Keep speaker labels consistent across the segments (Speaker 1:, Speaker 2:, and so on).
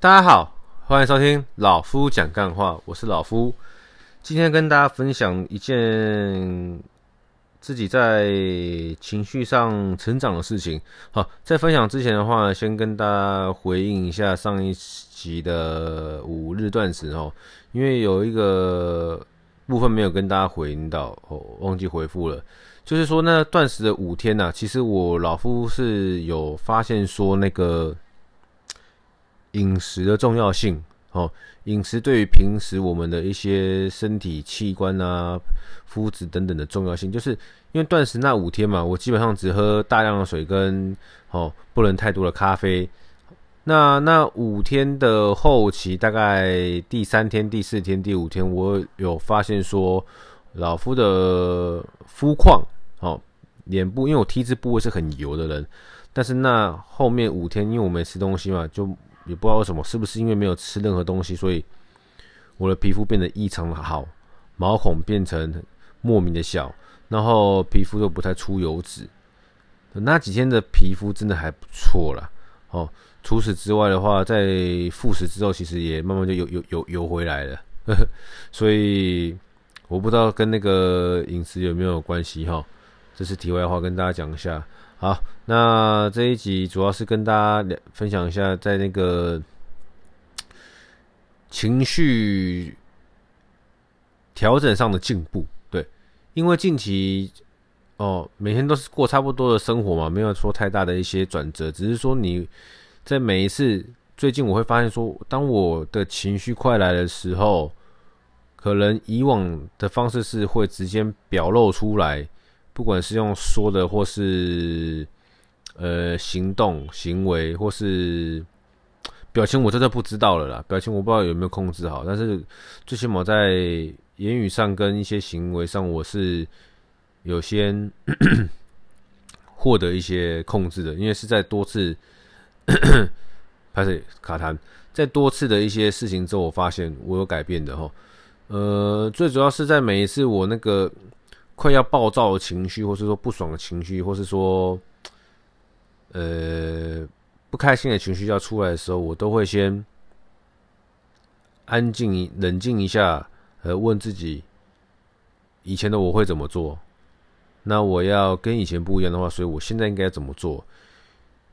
Speaker 1: 大家好，歡迎收聽老夫講幹話，我是老夫。今天跟大家分享一件自己在情緒上成長的事情。好，在分享之前的話，先跟大家回應一下上一集的五日斷食哦，因為有一個部分沒有跟大家回應到哦，忘記回復了。就是說，那斷食的五天啊，其實我老夫是有發現說那個。飲食的重要性，哦，飲食對於平時我們的一些身體器官啊、膚質等等的重要性，就是因為斷食那五天嘛，我基本上只喝大量的水跟哦，不能太多的咖啡。那那五天的後期，大概第三天、第四天、第五天，我有發現說，老夫的膚況，哦，臉部因為我 T 字部位是很油的人，但是那後面五天，因為我沒吃東西嘛，就。也不知道為什麼，是不是因為沒有吃任何東西，所以我的皮膚變得異常的好，毛孔變成莫名的小，然後皮膚又不太出油脂。那幾天的皮膚真的還不錯啦。哦，除此之外的話，在復食之後，其實也慢慢就油油油油回來了。 所以我不知道跟那個飲食有沒有有關係哈。這是題外話，跟大家講一下。好，那這一集主要是跟大家分享一下在那個情緒調整上的進步。對，因為近期哦，每天都是過差不多的生活嘛，沒有說太大的一些轉折，只是說你在每一次，最近我會發現說，當我的情緒快來的時候，可能以往的方式是會直接表露出來。不管是用說的，或是呃行動、行為、或是表情，我真的不知道了啦。表情我不知道有沒有控制好，但是最起碼在言語上跟一些行為上，我是有先獲 得一些控制的。因為是在多次拍攝 卡痰，在多次的一些事情之後，我發現我有改變的齁。呃，最主要是在每一次我那個。快要暴躁的情緒，或是說不爽的情緒，或是說呃不開心的情緒要出來的時候，我都會先安靜、冷靜一下，呃，問自己以前的我會怎麼做。那我要跟以前不一樣的話，所以我現在應該怎麼做？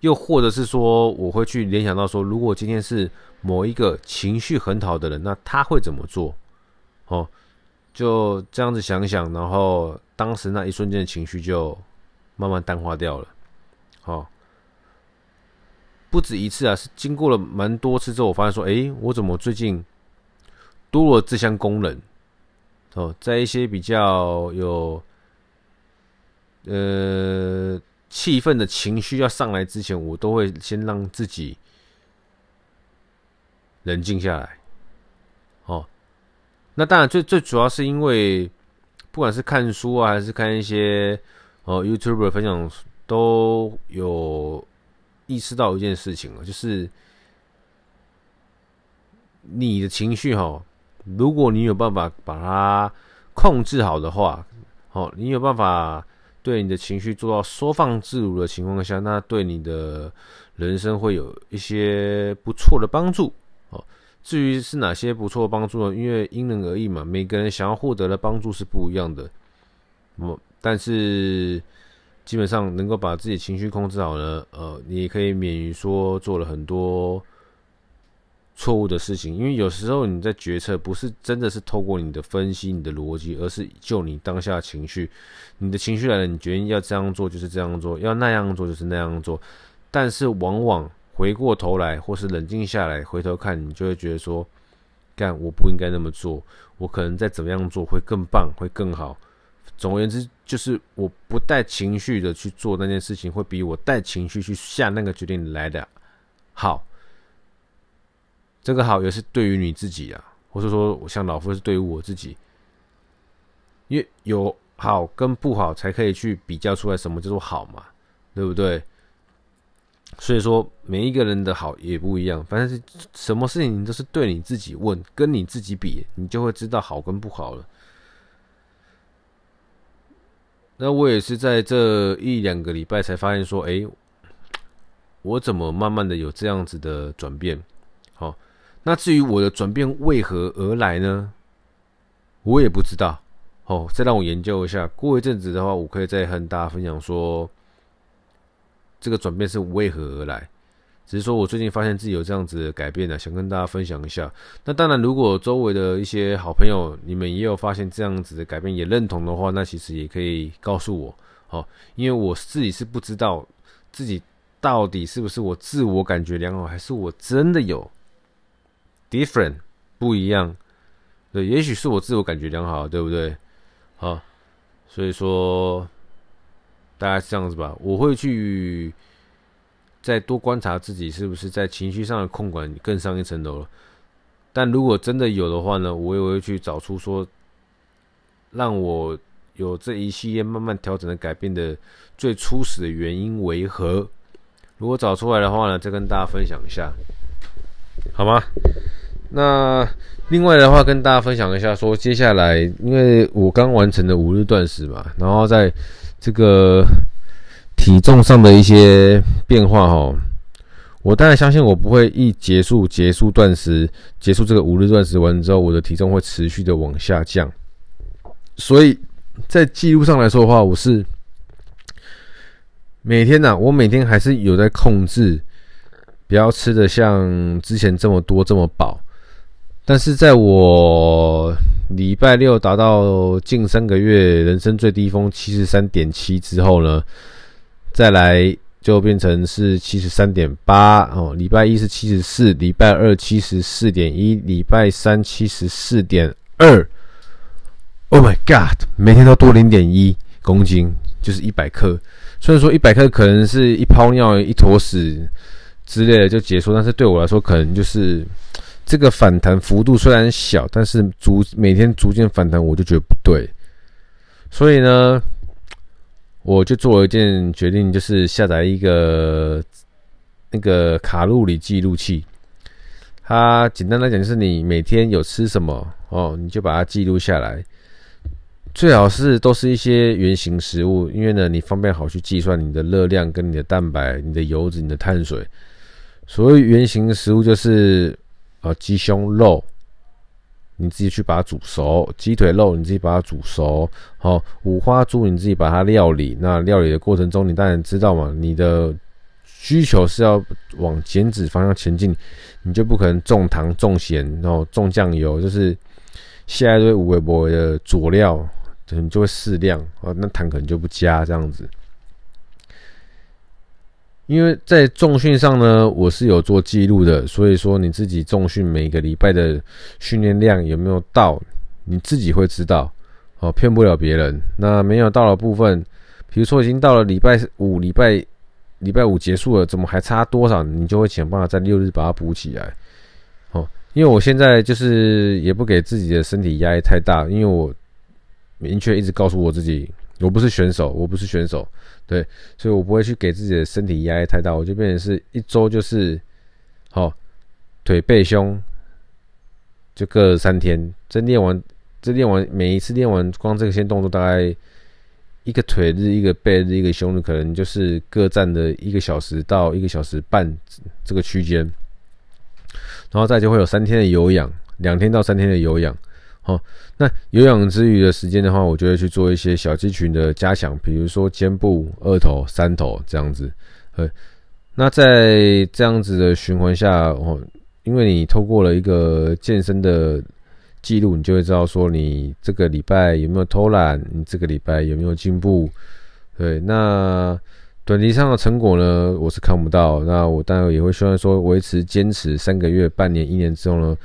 Speaker 1: 又或者是說，我會去聯想到說，如果今天是某一個情緒很好的人，那他會怎麼做？哦。就這樣子想想，然後當時那一瞬間的情緒就慢慢淡化掉了。哦。不止一次啊，是經過了蠻多次之後，我發現說，誒，我怎麼最近多了這項功能？哦，在一些比較有呃氣憤的情緒要上來之前，我都會先讓自己冷靜下來。那當然，最最主要是因為，不管是看書啊，還是看一些哦，YouTuber 分享，都有意識到一件事情了，就是你的情緒哈，如果你有辦法把它控制好的話，哦，你有辦法對你的情緒做到收放自如的情況下，那對你的人生會有一些不錯的幫助。至於是哪些不錯的幫助呢？因為因人而異嘛，每個人想要獲得的幫助是不一樣的。我、嗯、但是基本上能夠把自己情緒控制好了，呃，你可以免於說做了很多錯誤的事情。因為有時候你在決策，不是真的是透過你的分析、你的邏輯，而是就你當下情緒，你的情緒來了，你決定要這樣做就是這樣做，要那樣做就是那樣做，但是往往。回過頭來，或是冷靜下來，回頭看，你就會覺得說，幹，我不應該那麼做，我可能再怎麼樣做會更棒，會更好。總而言之，就是我不帶情緒的去做那件事情，會比我帶情緒去下那個決定來的好。這個好也是對於你自己啊，或是說，我像老夫是對於我自己，因為有好跟不好，才可以去比較出來什麼叫做、就是、好嘛，對不對？所以說，每一個人的好也不一樣，反正是什麼事情都是對你自己問，跟你自己比，你就會知道好跟不好了。那我也是在這一兩個禮拜才發現說，哎、欸，我怎麼慢慢的有這樣子的轉變？哦，那至於我的轉變為何而來呢？我也不知道。哦，再讓我研究一下。過一陣子的話，我可以再和大家分享說。這個轉變是為何而來？只是說我最近發現自己有這樣子的改變呢，啊，想跟大家分享一下。那當然，如果周圍的一些好朋友你們也有發現這樣子的改變，也認同的話，那其實也可以告訴我，好，因為我自己是不知道自己到底是不是我自我感覺良好，還是我真的有 different 不一樣。對，也許是我自我感覺良好，對不對？好，所以說。大概是這樣子吧，我會去再多觀察自己是不是在情緒上的控管更上一層樓了。但如果真的有的話呢，我也會去找出說讓我有這一系列慢慢調整的改變的最初始的原因為何。如果找出來的話呢，再跟大家分享一下，好嗎？那另外的話跟大家分享一下，說接下來因為我剛完成的五日斷食嘛，然後在。這個體重上的一些變化，哦，我當然相信，我不會一結束結束斷食，結束這個五日斷食完之後，我的體重會持續的往下降。所以在記錄上來說的話，我是每天呢、啊，我每天還是有在控制，不要吃的像之前這麼多這麼飽，但是在我。禮拜六達到近三個月人生最低峰七十三點七之後呢，再來就變成是七十三點八哦。禮拜一是七十四，禮拜二七十四點一，禮拜三七十四點二。Oh my god！每天都多零點一公斤，就是一百克。雖然說一百克可能是一泡尿、一坨屎之類的就結束，但是對我來說可能就是。這個反彈幅度雖然小，但是逐每天逐漸反彈，我就覺得不對。所以呢，我就做了一件決定，就是下載一個那個卡路里記錄器。它簡單來講，就是你每天有吃什麼哦，你就把它記錄下來。最好是都是一些原型食物，因為呢，你方便好去計算你的熱量、跟你的蛋白、你的油脂、你的碳水。所謂原型食物，就是。啊、哦，雞胸肉，你自己去把它煮熟；雞腿肉，你自己把它煮熟。哦，五花豬你自己把它料理。那料理的過程中，你當然知道嘛，你的需求是要往減脂方向前進，你就不可能重糖重、哦、重鹹，然後重醬油，就是下一堆五味博的佐料，可能就會適量，哦，那糖可能就不加這樣子。因為在重訓上呢，我是有做記錄的，所以說你自己重訓每個禮拜的訓練量有沒有到，你自己會知道，哦，騙不了別人。那沒有到的部分，比如說已經到了禮拜五，禮拜禮拜五結束了，怎麼還差多少，你就會想辦法在六日把它補起來，哦，因為我現在就是也不給自己的身體壓力太大，因為我明確一直告訴我自己。我不是選手，我不是選手，對，所以我不會去給自己的身體壓力太大，我就變成是一週就是，好，腿背胸就各三天，這練完這練完每一次練完光這些動作大概一個腿日、一個背日、一個胸日，可能就是各佔的一個小時到一個小時半這個區間，然後再就會有三天的有氧，兩天到三天的有氧。好、哦，那有氧之餘的時間的話，我就會去做一些小肌群的加強，比如說肩部、二頭、三頭這樣子。呃，那在這樣子的循環下，哦，因為你透過了一個健身的記錄，你就會知道說你這個禮拜有沒有偷懶，你這個禮拜有沒有進步。對，那短期上的成果呢，我是看不到。那我當然也會希望說，維持堅持三個月、半年、一年之後呢，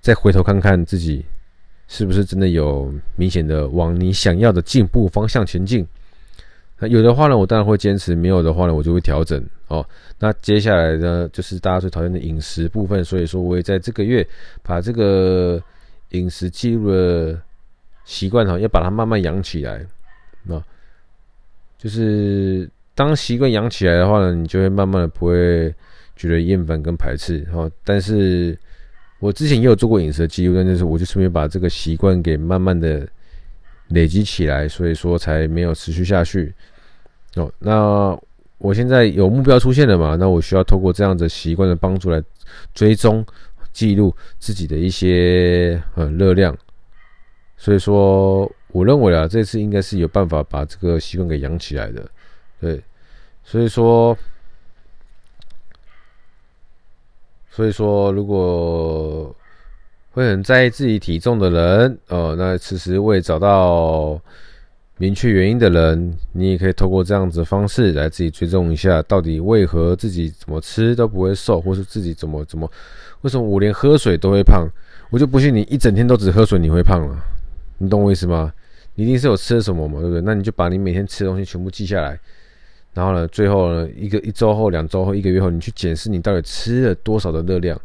Speaker 1: 再回頭看看自己。是不是真的有明顯的往你想要的進步方向前進？那有的話呢，我當然會堅持；沒有的話呢，我就會調整哦。那接下來呢，就是大家最討厭的飲食部分，所以說我也在這個月把這個飲食記錄的習慣哈，要把它慢慢養起來。那就是當習慣養起來的話呢，你就會慢慢的不會覺得厭煩跟排斥哈，哦。但是我之前也有做過飲食記錄，但就是我就順便把這個習慣給慢慢的累積起來，所以說才沒有持續下去。哦，那我現在有目標出現了嘛，那我需要透過這樣的習慣的幫助來追蹤記錄自己的一些呃熱量，所以說我認為啊，這次應該是有辦法把這個習慣給養起來的。對，所以說。所以說，如果會很在意自己體重的人，呃，那其實未找到明確原因的人，你也可以透過這樣子的方式來自己追蹤一下，到底為何自己怎麼吃都不會瘦，或是自己怎麼怎麼，為什麼我連喝水都會胖？我就不信你一整天都只喝水你會胖了，你懂我意思嗎？你一定是有吃什麼嘛，對不對？那你就把你每天吃的東西全部記下來。然後呢，最後呢，一個一週後、兩週後、一個月後，你去檢視你到底吃了多少的熱量，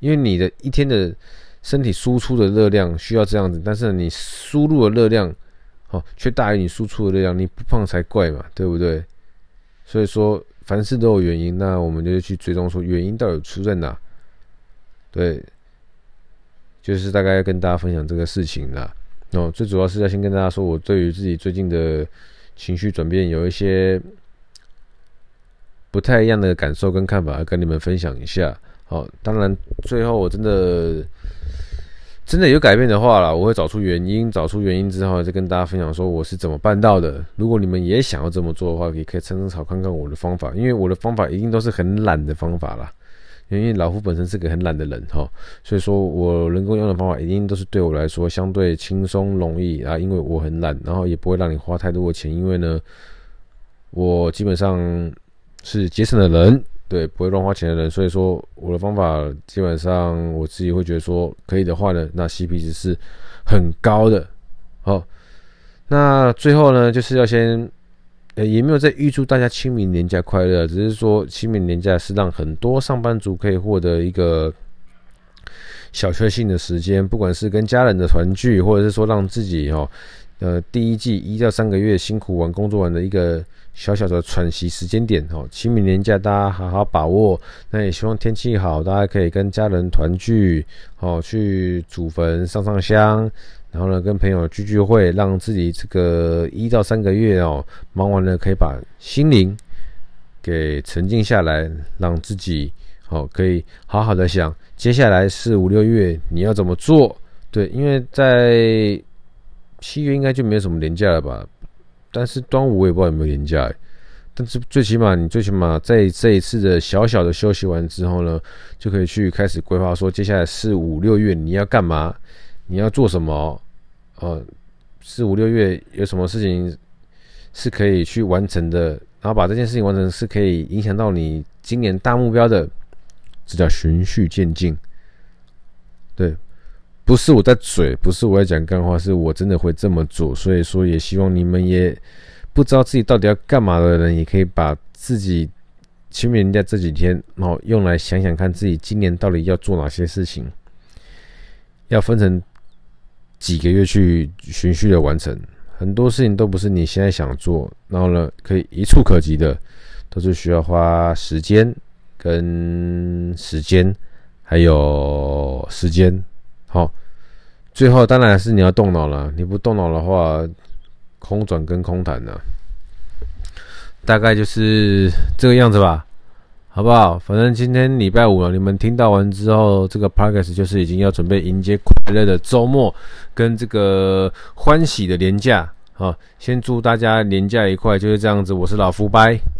Speaker 1: 因為你的一天的，身體輸出的熱量需要這樣子，但是你輸入的熱量，哦，卻大於你輸出的熱量，你不胖才怪嘛，對不對？所以說凡事都有原因，那我們就去追蹤說原因到底出在哪，對，就是大概要跟大家分享這個事情了。哦，最主要是要先跟大家說我對於自己最近的。情緒轉變有一些不太一樣的感受跟看法，跟你們分享一下。好，當然最後我真的真的有改變的話啦，我會找出原因，找出原因之後再跟大家分享說我是怎麼辦到的。如果你們也想要這麼做的話，也可以趁趁早看看我的方法，因為我的方法一定都是很懶的方法啦。因為老夫本身是個很懶的人哈，所以說我能夠用的方法一定都是對我來說相對輕鬆容易啊，因為我很懶，然後也不會讓你花太多的錢，因為呢，我基本上是節省的人，對，不會亂花錢的人，所以說我的方法基本上我自己會覺得說可以的話呢，那 CP 值是很高的。好，那最後呢，就是要先。也沒有在預祝大家清明年假快樂，只是說清明年假是讓很多上班族可以獲得一個小確幸的時間，不管是跟家人的團聚，或者是說讓自己哦，呃，第一季一到三個月辛苦完工作完的一個小小的喘息時間點哦，清明年假大家好好把握，那也希望天氣好，大家可以跟家人團聚哦，去祖墳上上香。然後呢，跟朋友聚聚會，讓自己這個一到三個月哦，忙完了可以把心靈給沉靜下來，讓自己哦可以好好的想接下來四五六月你要怎麼做？對，因為在七月應該就沒有什麼連假了吧？但是端午我也不知道有沒有連假，但是最起碼你最起碼在這一次的小小的休息完之後呢，就可以去開始規劃說接下來四五六月你要幹嘛？你要做什麼？哦？哦，四五六月有什麼事情是可以去完成的？然後把這件事情完成是可以影響到你今年大目標的，這叫循序漸進。對，不是我在嘴，不是我在講幹話，是我真的會這麼做。所以說，也希望你們也不知道自己到底要幹嘛的人，也可以把自己清明人家這幾天，然後用來想想看自己今年到底要做哪些事情，要分成。幾個月去循序的完成，很多事情都不是你現在想做，然後呢可以一觸可及的，都是需要花時間跟時間還有時間。好，最後當然是你要動腦了，你不動腦的話，空轉跟空談呢，大概就是這個樣子吧。好不好？反正今天禮拜五了，你們聽到完之後，這個 podcast 就是已經要準備迎接快樂的周末，跟這個歡喜的年假。好、啊，先祝大家年假愉快，就是這樣子。我是老夫拜。Bye